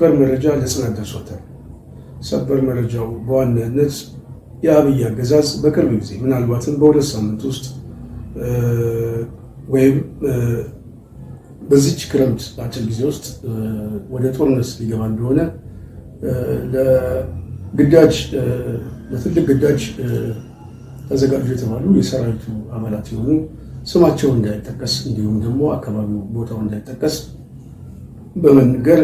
ሰበር መረጃ ለጽናት ደርሶታል። ሰበር መረጃው በዋናነት የአብይ አገዛዝ በቅርብ ጊዜ ምናልባትም በሁለት ሳምንት ውስጥ ወይም በዚች ክረምት አጭር ጊዜ ውስጥ ወደ ጦርነት ሊገባ እንደሆነ ለግዳጅ ለትልቅ ግዳጅ ተዘጋጁ የተባሉ የሰራዊቱ አባላት የሆኑ ስማቸው እንዳይጠቀስ እንዲሁም ደግሞ አካባቢው ቦታው እንዳይጠቀስ በመንገር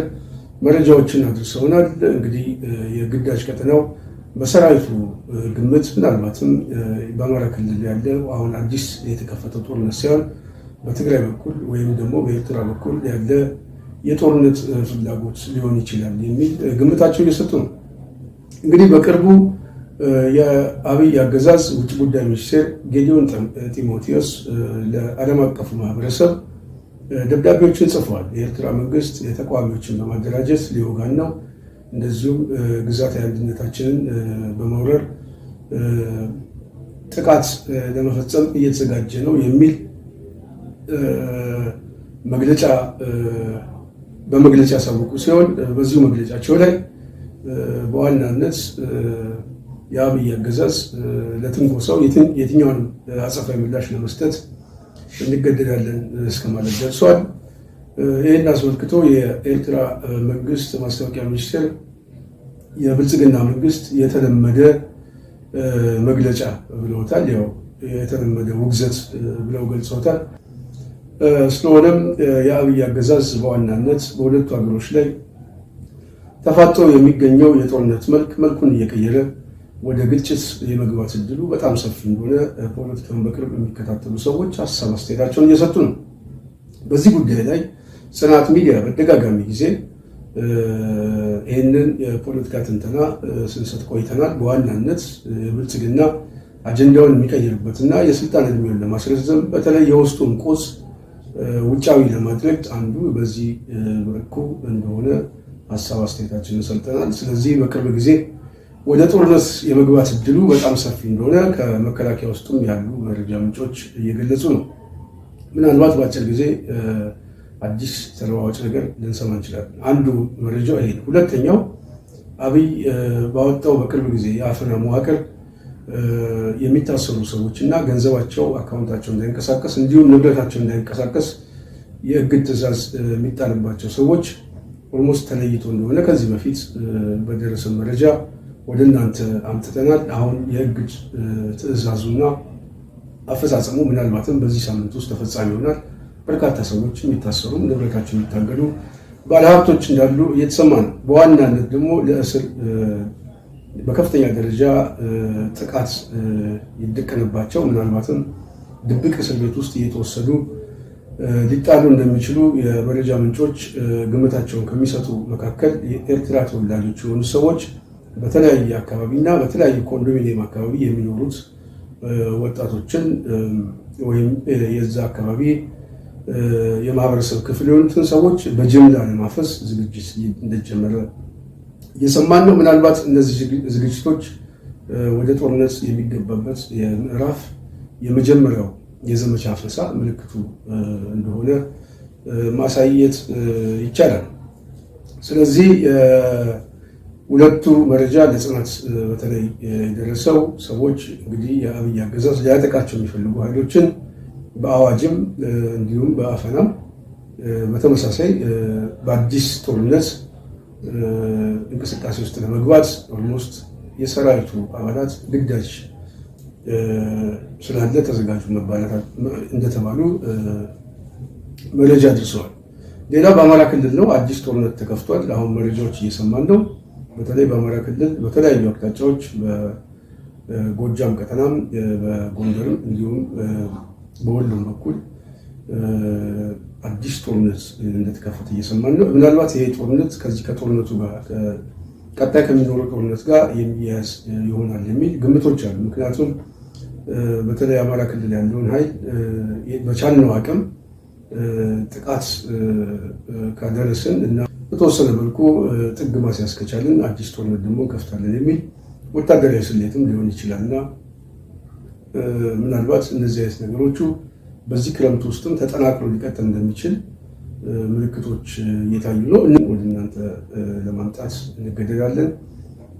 መረጃዎችን አድርሰውናል። እንግዲህ የግዳጅ ቀጠናው በሰራዊቱ ግምት ምናልባትም በአማራ ክልል ያለው አሁን አዲስ የተከፈተው ጦርነት ሳይሆን በትግራይ በኩል ወይም ደግሞ በኤርትራ በኩል ያለ የጦርነት ፍላጎት ሊሆን ይችላል የሚል ግምታቸው እየሰጡ ነው። እንግዲህ በቅርቡ የአብይ አገዛዝ ውጭ ጉዳይ ሚኒስቴር ጌዲዮን ጢሞቴዎስ ለዓለም አቀፉ ማህበረሰብ ደብዳቤዎችን ጽፏል። የኤርትራ መንግስት የተቃዋሚዎችን በማደራጀት ነው፣ እንደዚሁም ግዛት አንድነታችንን በመውረር ጥቃት ለመፈጸም እየተዘጋጀ ነው የሚል መግለጫ በመግለጫ ያሳወቁ ሲሆን በዚሁ መግለጫቸው ላይ በዋናነት የአብይ አገዛዝ ለትንኮሳው የትኛውን አጸፋዊ ምላሽ ለመስጠት እንገደዳለን እስከ ማለት ደርሷል። ይህን አስመልክቶ የኤርትራ መንግስት ማስታወቂያ ሚኒስቴር የብልጽግና መንግስት የተለመደ መግለጫ ብለውታል። ያው የተለመደ ውግዘት ብለው ገልጸውታል። ስለሆነም የአብይ አገዛዝ በዋናነት በሁለቱ ሀገሮች ላይ ተፋጦ የሚገኘው የጦርነት መልክ መልኩን እየቀየረ ወደ ግጭት የመግባት እድሉ በጣም ሰፊ እንደሆነ ፖለቲካን በቅርብ የሚከታተሉ ሰዎች ሀሳብ አስተያየታቸውን እየሰጡ ነው። በዚህ ጉዳይ ላይ ጽናት ሚዲያ በተደጋጋሚ ጊዜ ይህንን የፖለቲካ ትንተና ስንሰጥ ቆይተናል። በዋናነት ብልጽግና አጀንዳውን የሚቀይርበትና የስልጣን እድሜውን ለማስረዘም በተለይ የውስጡን ቁስ ውጫዊ ለማድረግ አንዱ በዚህ መልኩ እንደሆነ ሀሳብ አስተያየታችንን ሰልጠናል። ስለዚህ በቅርብ ጊዜ ወደ ጦርነት የመግባት እድሉ በጣም ሰፊ እንደሆነ ከመከላከያ ውስጥም ያሉ መረጃ ምንጮች እየገለጹ ነው። ምናልባት በአጭር ጊዜ አዲስ ተለዋዋጭ ነገር ልንሰማ እንችላለን። አንዱ መረጃ ይሄ ነው። ሁለተኛው አብይ ባወጣው በቅርብ ጊዜ የአፈና መዋቅር የሚታሰሩ ሰዎች እና ገንዘባቸው አካውንታቸው እንዳይንቀሳቀስ እንዲሁም ንብረታቸው እንዳይንቀሳቀስ የእግድ ትዕዛዝ የሚጣልባቸው ሰዎች ኦልሞስት ተለይቶ እንደሆነ ከዚህ በፊት በደረሰ መረጃ ወደ እናንተ አምጥተናል። አሁን የህግ ትዕዛዙና አፈጻጸሙ ምናልባትም በዚህ ሳምንት ውስጥ ተፈጻሚ ይሆናል። በርካታ ሰዎች የሚታሰሩ ንብረታቸው የሚታገዱ ባለሀብቶች እንዳሉ እየተሰማ ነው። በዋናነት ደግሞ ለእስር በከፍተኛ ደረጃ ጥቃት ይደቀንባቸው ምናልባትም ድብቅ እስር ቤት ውስጥ እየተወሰዱ ሊጣሉ እንደሚችሉ የመረጃ ምንጮች ግምታቸውን ከሚሰጡ መካከል የኤርትራ ተወላጆች የሆኑ ሰዎች በተለያየ አካባቢ እና በተለያየ ኮንዶሚኒየም አካባቢ የሚኖሩት ወጣቶችን ወይም የዛ አካባቢ የማህበረሰብ ክፍል የሆኑትን ሰዎች በጅምላ ለማፈስ ዝግጅት እንደጀመረ እየሰማን ነው። ምናልባት እነዚህ ዝግጅቶች ወደ ጦርነት የሚገባበት የምዕራፍ የመጀመሪያው የዘመቻ አፈሳ ምልክቱ እንደሆነ ማሳየት ይቻላል። ስለዚህ ሁለቱ መረጃ ለጽናት በተለይ የደረሰው ሰዎች እንግዲህ የአብይ አገዛዝ ሊያጠቃቸው የሚፈልጉ ኃይሎችን በአዋጅም እንዲሁም በአፈናም በተመሳሳይ በአዲስ ጦርነት እንቅስቃሴ ውስጥ ለመግባት ኦልሞስት የሰራዊቱ አባላት ግዳጅ ስላለ ተዘጋጁ እንደተባሉ መረጃ ደርሰዋል። ሌላ በአማራ ክልል ነው። አዲስ ጦርነት ተከፍቷል። አሁን መረጃዎች እየሰማን ነው። በተለይ በአማራ ክልል በተለያዩ አቅጣጫዎች በጎጃም ቀጠናም በጎንደርም እንዲሁም በወሎም በኩል አዲስ ጦርነት እንደተከፈተ እየሰማን ነው። ምናልባት ይሄ ጦርነት ከዚህ ከጦርነቱ ጋር ቀጣይ ከሚኖረው ጦርነት ጋር የሚያያዝ ይሆናል የሚል ግምቶች አሉ። ምክንያቱም በተለይ አማራ ክልል ያለውን ኃይል በቻልነው አቅም ጥቃት ካደረስን እና በተወሰነ መልኩ ጥግ ማስያዝ ከቻልን አዲስ ጦርነት ደግሞ ከፍታለን የሚል ወታደራዊ ስሌትም ሊሆን ይችላል እና ምናልባት እነዚህ አይነት ነገሮቹ በዚህ ክረምት ውስጥም ተጠናክሮ ሊቀጥል እንደሚችል ምልክቶች እየታዩ ነው። ወደ እናንተ ለማምጣት እንገደዳለን።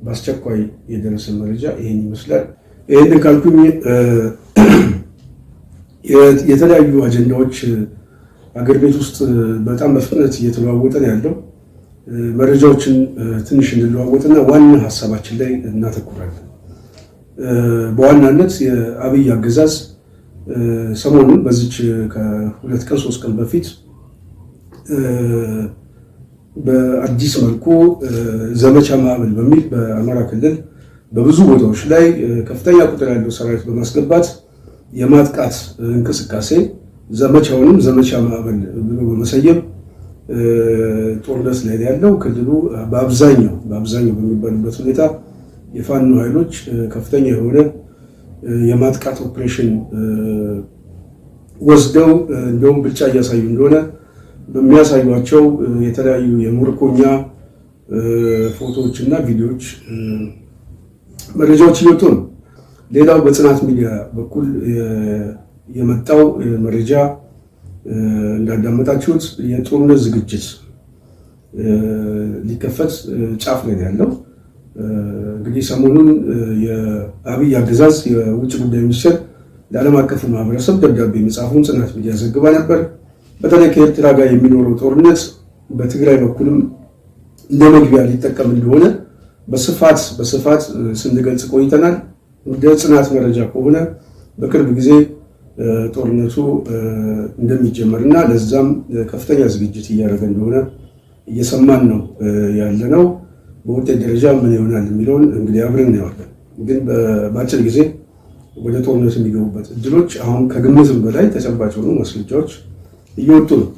በአስቸኳይ የደረሰ መረጃ ይህን ይመስላል። ይህንን ካልኩኝ የተለያዩ አጀንዳዎች አገር ቤት ውስጥ በጣም በፍጥነት እየተለዋወጠ ነው ያለው። መረጃዎችን ትንሽ እንለዋወጥና ዋና ሀሳባችን ላይ እናተኩራለን። በዋናነት የአብይ አገዛዝ ሰሞኑን በዚች ከሁለት ቀን ሶስት ቀን በፊት በአዲስ መልኩ ዘመቻ ማዕበል በሚል በአማራ ክልል በብዙ ቦታዎች ላይ ከፍተኛ ቁጥር ያለው ሰራዊት በማስገባት የማጥቃት እንቅስቃሴ ዘመቻውንም ዘመቻ ማዕበል ብሎ በመሰየም ጦርነት ላይ ያለው ክልሉ በአብዛኛው በአብዛኛው በሚባልበት ሁኔታ የፋኖ ኃይሎች ከፍተኛ የሆነ የማጥቃት ኦፕሬሽን ወስደው እንደውም ብልጫ እያሳዩ እንደሆነ በሚያሳዩቸው የተለያዩ የምርኮኛ ፎቶዎች እና ቪዲዮዎች መረጃዎች እየወጡ ነው። ሌላው በጽናት ሚዲያ በኩል የመጣው መረጃ እንዳዳመጣችሁት የጦርነት ዝግጅት ሊከፈት ጫፍ ላይ ያለው እንግዲህ ሰሞኑን የአብይ አገዛዝ የውጭ ጉዳይ ሚኒስትር ለዓለም አቀፉ ማህበረሰብ ደብዳቤ መጻፉን ጽናት ሚዲያ ዘግባ ነበር። በተለይ ከኤርትራ ጋር የሚኖረው ጦርነት በትግራይ በኩልም እንደ መግቢያ ሊጠቀም እንደሆነ በስፋት በስፋት ስንገልጽ ቆይተናል። እንደ ጽናት መረጃ ከሆነ በቅርብ ጊዜ ጦርነቱ እንደሚጀመር እና ለዛም ከፍተኛ ዝግጅት እያደረገ እንደሆነ እየሰማን ነው ያለ ነው። በውጤት ደረጃ ምን ይሆናል የሚለውን እንግዲህ አብረን እናየዋለን። ግን በአጭር ጊዜ ወደ ጦርነት የሚገቡበት እድሎች አሁን ከግምትም በላይ ተጨባጭ ሆኑ ማስረጃዎች እየወጡ ነው።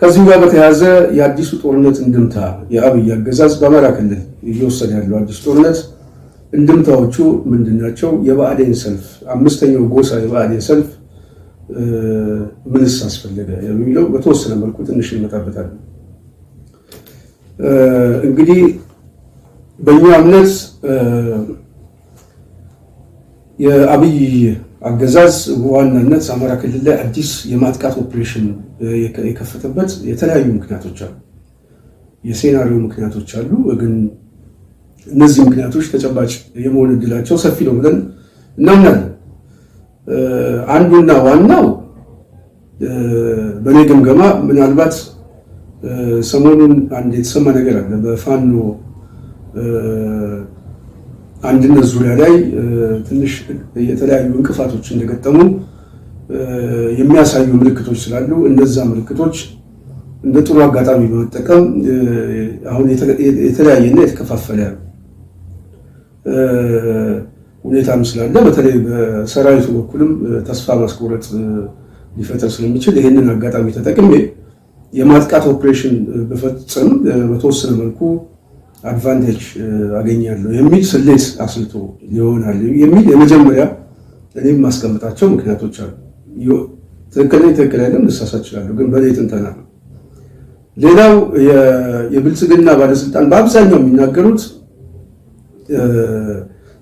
ከዚሁ ጋር በተያያዘ የአዲሱ ጦርነት እንድምታ የአብይ አገዛዝ በአማራ ክልል እየወሰደ ያለው አዲሱ ጦርነት እንድምታዎቹ ምንድናቸው? የብአዴን ሰልፍ አምስተኛው ጎሳ የብአዴን ሰልፍ ምንስ አስፈለገ የሚለው በተወሰነ መልኩ ትንሽ እንመጣበታለን። እንግዲህ በእኛ እምነት የአብይ አገዛዝ በዋናነት አማራ ክልል ላይ አዲስ የማጥቃት ኦፕሬሽን የከፈተበት የተለያዩ ምክንያቶች አሉ፣ የሴናሪዮ ምክንያቶች አሉ ግን እነዚህ ምክንያቶች ተጨባጭ የመሆን እድላቸው ሰፊ ነው ብለን እናምናለን። አንዱና ዋናው በእኔ ግምገማ ምናልባት ሰሞኑን አንድ የተሰማ ነገር አለ። በፋኖ አንድነት ዙሪያ ላይ ትንሽ የተለያዩ እንቅፋቶች እንደገጠሙ የሚያሳዩ ምልክቶች ስላሉ እነዛ ምልክቶች እንደ ጥሩ አጋጣሚ በመጠቀም አሁን የተለያየና የተከፋፈለ ሁኔታም ስላለ በተለይ በሰራዊቱ በኩልም ተስፋ ማስቆረጥ ሊፈጠር ስለሚችል ይህንን አጋጣሚ ተጠቅሜ የማጥቃት ኦፕሬሽን በፈጽም በተወሰነ መልኩ አድቫንቴጅ አገኛለሁ የሚል ስሌት አስልቶ ይሆናል የሚል የመጀመሪያ እኔም ማስቀምጣቸው ምክንያቶች አሉ። ትክክል ትክክል አይደለም፣ ልሳሳት እችላለሁ፣ ግን በእኔ ትንተና ነው። ሌላው የብልጽግና ባለስልጣን በአብዛኛው የሚናገሩት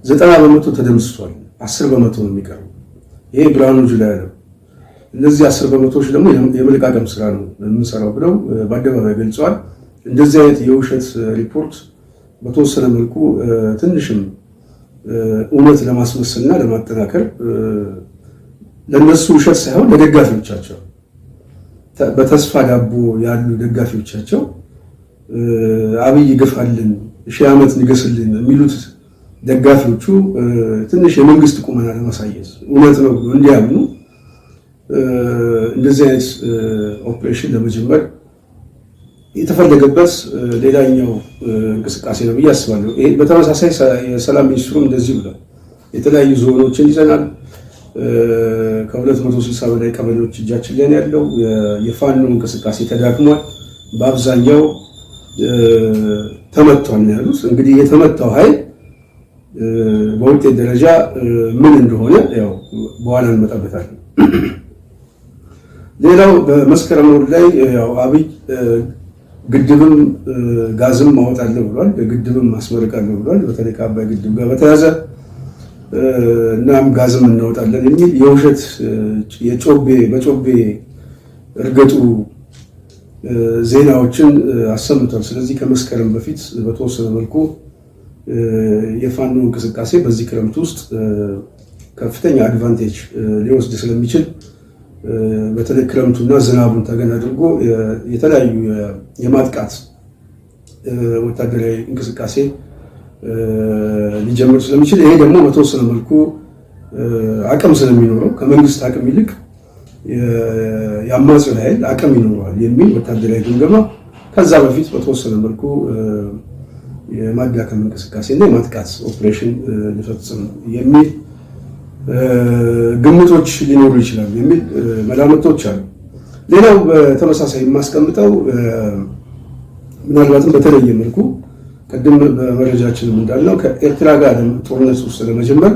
ዘጠና በመቶ ተደምስሷል። አስር በመቶ ነው የሚቀረው። ይሄ ብርሃኑ ጁላ ያለው እነዚህ አስር በመቶዎች ደግሞ የመለቃቀም ስራ ነው የምንሰራው ብለው በአደባባይ ገልጸዋል። እንደዚህ አይነት የውሸት ሪፖርት በተወሰነ መልኩ ትንሽም እውነት ለማስመሰልና ለማጠናከር ለእነሱ ውሸት ሳይሆን ለደጋፊዎቻቸው በተስፋ ዳቦ ያሉ ደጋፊዎቻቸው አብይ ግፋልን ሺህ ዓመት ንገስልን የሚሉት ደጋፊዎቹ ትንሽ የመንግስት ቁመና ለማሳየት እውነት ነው ብሎ እንዲያምኑ እንደዚህ አይነት ኦፕሬሽን ለመጀመር የተፈለገበት ሌላኛው እንቅስቃሴ ነው ብዬ አስባለሁ። ይሄ በተመሳሳይ የሰላም ሚኒስትሩ እንደዚህ ብሏል። የተለያዩ ዞኖችን ይዘናል። ከ260 በላይ ቀበሌዎች እጃችን ላይ ያለው የፋኖ እንቅስቃሴ ተዳክሟል። በአብዛኛው ተመቷል ነው ያሉት። እንግዲህ የተመታው ኃይል በውጤት ደረጃ ምን እንደሆነ ያው በኋላ እንመጣበታለን። ሌላው በመስከረም ወር ላይ ያው አብይ ግድብም ጋዝም ማወጣለሁ ብሏል፣ ግድብም ማስመርቃለሁ ብሏል። በተለይ ከአባይ ግድብ ጋር በተያዘ እናም ጋዝም እናወጣለን የሚል የውሸት የጮቤ በጮቤ እርገጡ ዜናዎችን አሰምቷል። ስለዚህ ከመስከረም በፊት በተወሰነ መልኩ የፋኖ እንቅስቃሴ በዚህ ክረምት ውስጥ ከፍተኛ አድቫንቴጅ ሊወስድ ስለሚችል በተለይ ክረምቱና ዝናቡን ተገን አድርጎ የተለያዩ የማጥቃት ወታደራዊ እንቅስቃሴ ሊጀምር ስለሚችል ይሄ ደግሞ በተወሰነ መልኩ አቅም ስለሚኖረው ከመንግስት አቅም ይልቅ የአማጽዮን ኃይል አቅም ይኖረዋል የሚል ወታደራዊ ግምገማ ከዛ በፊት በተወሰነ መልኩ የማዳከም እንቅስቃሴና የማጥቃት ኦፕሬሽን ሊፈጽም የሚል ግምቶች ሊኖሩ ይችላሉ የሚል መላምቶች አሉ። ሌላው በተመሳሳይ የማስቀምጠው ምናልባትም በተለየ መልኩ ቅድም በመረጃችንም እንዳልነው ከኤርትራ ጋር ጦርነት ውስጥ ለመጀመር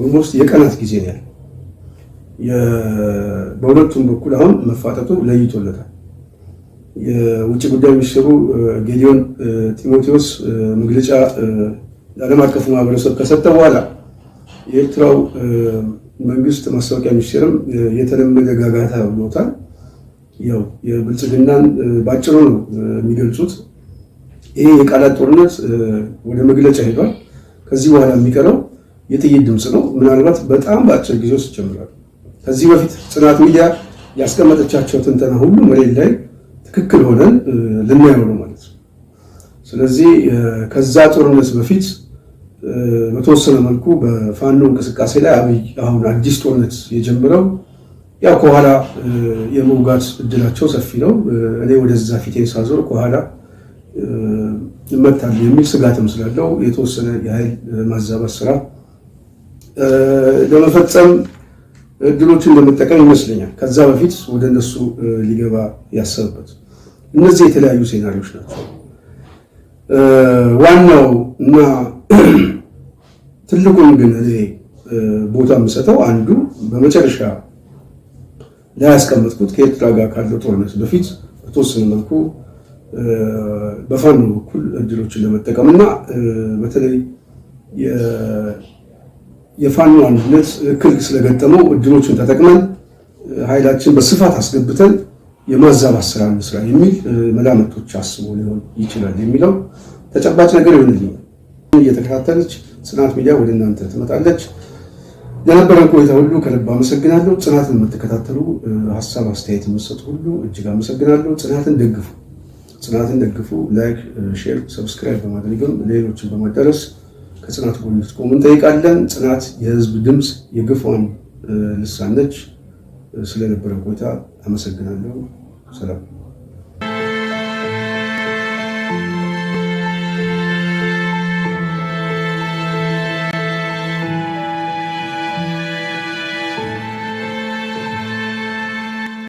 ኦልሞስት የቀናት ጊዜ ነው ያለው። በሁለቱም በኩል አሁን መፋጠጡ ለይቶለታል። የውጭ ጉዳይ ሚኒስትሩ ጌዲዮን ጢሞቴዎስ መግለጫ ለዓለም አቀፉ ማህበረሰብ ከሰጠ በኋላ የኤርትራው መንግስት ማስታወቂያ ሚኒስቴርም የተለመደ ጋጋታ ብሎታል። ያው የብልጽግናን ባጭሩ ነው የሚገልጹት። ይህ የቃላት ጦርነት ወደ መግለጫ ሄዷል። ከዚህ በኋላ የሚቀረው የጥይት ድምፅ ነው። ምናልባት በጣም በአጭር ጊዜ ውስጥ ይጀምራል። ከዚህ በፊት ጽናት ሚዲያ ያስቀመጠቻቸው ትንተና ሁሉ መሌል ላይ ትክክል ሆነን ልናየው ነው ማለት ነው። ስለዚህ ከዛ ጦርነት በፊት በተወሰነ መልኩ በፋኖ እንቅስቃሴ ላይ አብይ አሁን አዲስ ጦርነት የጀመረው ያው ከኋላ የመውጋት እድላቸው ሰፊ ነው። እኔ ወደዛ ፊቴን ሳዞር ከኋላ እመታለሁ የሚል ስጋትም ስላለው የተወሰነ የኃይል ማዛባት ስራ ለመፈጸም እድሎችን ለመጠቀም ይመስለኛል ከዛ በፊት ወደ እነሱ ሊገባ ያሰበበት። እነዚህ የተለያዩ ሴናሪዎች ናቸው። ዋናው እና ትልቁን ግን እኔ ቦታ የምሰጠው አንዱ በመጨረሻ ላይ ያስቀመጥኩት ከኤርትራ ጋር ካለው ጦርነት በፊት በተወሰነ መልኩ በፋኖ በኩል እድሎችን ለመጠቀም እና በተለይ የፋኖ አንድነት እክል ስለገጠመው እድሎችን ተጠቅመን ኃይላችን በስፋት አስገብተን የማዛባት ስራ ስራ የሚል መላምቶች አስቦ ሊሆን ይችላል የሚለው ተጨባጭ ነገር ይሆንልኛል። እየተከታተለች ጽናት ሚዲያ ወደ እናንተ ትመጣለች። ለነበረን ቆይታ ሁሉ ከልብ አመሰግናለሁ። ጽናትን የምትከታተሉ ሀሳብ አስተያየት የምትሰጡ ሁሉ እጅግ አመሰግናለሁ። ጽናትን ደግፉ፣ ጽናትን ደግፉ። ላይክ፣ ሼር፣ ሰብስክራይብ በማድረግም ሌሎችን በማደረስ ከጽናት ጎን ልትቆሙ እንጠይቃለን። ጽናት የህዝብ ድምፅ፣ የግፏን ልሳነች። ነች። ስለነበረ ቦታ አመሰግናለሁ። ሰላም